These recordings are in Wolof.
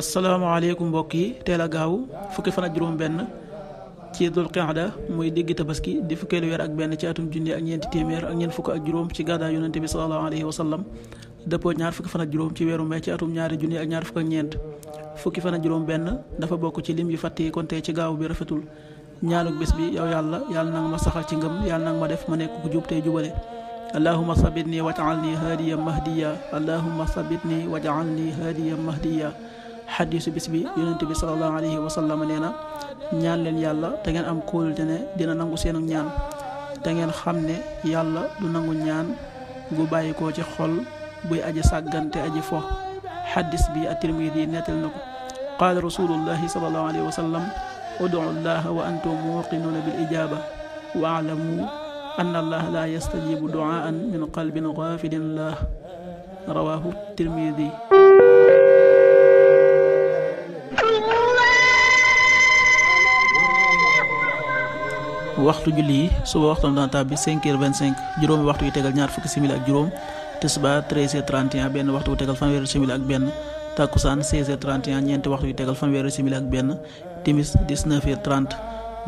asalaamaaleykum mbokk yi teel a gaaw fukki fan ak juróom-benn ci dul qa'da muy digg tabaski di fukkeelu weer ak benn ci atum junni ak ñeenti téeméer ak ñeent fukk ak juróom ci gàddaa yonente bi sallallahu alayhi wa sallam dëppoo ñaar fukki fan ak juróom ci weeru mai atum ñaari junni ak ñaar fukk ak ñeent fukki fan juróom-benn dafa bokk ci lim yu fàtte yi konte ci gaaw bi rafetul ñaanuk bés bi yow yàlla yàlla nanga ma saxal ci ngëm yàlla nag ma def ma nekk ku jub tey jubale allahuma sabitni waj'alni haadiya mahdiya allahuma sabitni waj'alni haadiya mahdiya xadiisu bis bi yonente bi sallallahu alayhi wa sallam nee na ñaan leen yàlla te ngeen am kóolute ne dina nangu seenu ñaan te ngeen xam ne yàlla du nangu ñaan bu bàyyi ko ci xol buy aji sàggante aji fo xadis bi at-Tirmidi nettal na ko qaala rasulullahi sallallahu alayhi wa sallam udu llaha wa antum ijaaba wa alamu anna allaha la yastajibu duaan min qalbin gaafilin lah rawahu tirmidi waxtu julli yi suba waxtu dana tàbbi 5 heures 25 juróomi waxtu yu tegal ñaar fukki simili ak juróom tisbaar 13 heures 31 benn waxtu yu tegal fanweeri simili ak benn takkusaan 16 heures 31 ñeenti waxtu yu tegal fanweeri simili ak benn timis 19 heures 30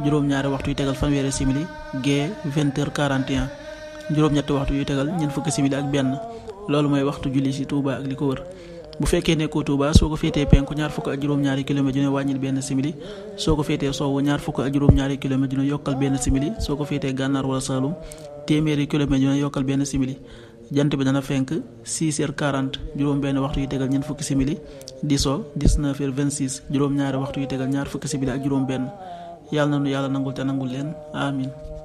juróom-ñaari waxtu yu tegal fanweeri simili gee 20 heures 41 juróom-ñetti waxtu yu tegal ñeent fukki simili ak benn loolu mooy waxtu julli ci Touba ak li ko wër bu fekkee nekkoo Touba soo ko féetee penku ñaar fukk ak juróom-ñaari kilomètre dina wàññil benn simili soo ko féetee sowwu ñaar fukk ak juróom-ñaari kilomètre dina yokkal benn simili soo ko féetee gànnaar wala Saalum téeméeri kilomètre yokkal benn simili jant bi dana fenk 6 heures 40 juróom-benn waxtu yu tegal ñeent fukki simili di so 19 heures 26 juróom-ñaari waxtu yu tegal ñaar fukki simili ak juróom-benn yàlla na nu yàlla nangul te nangul leen amin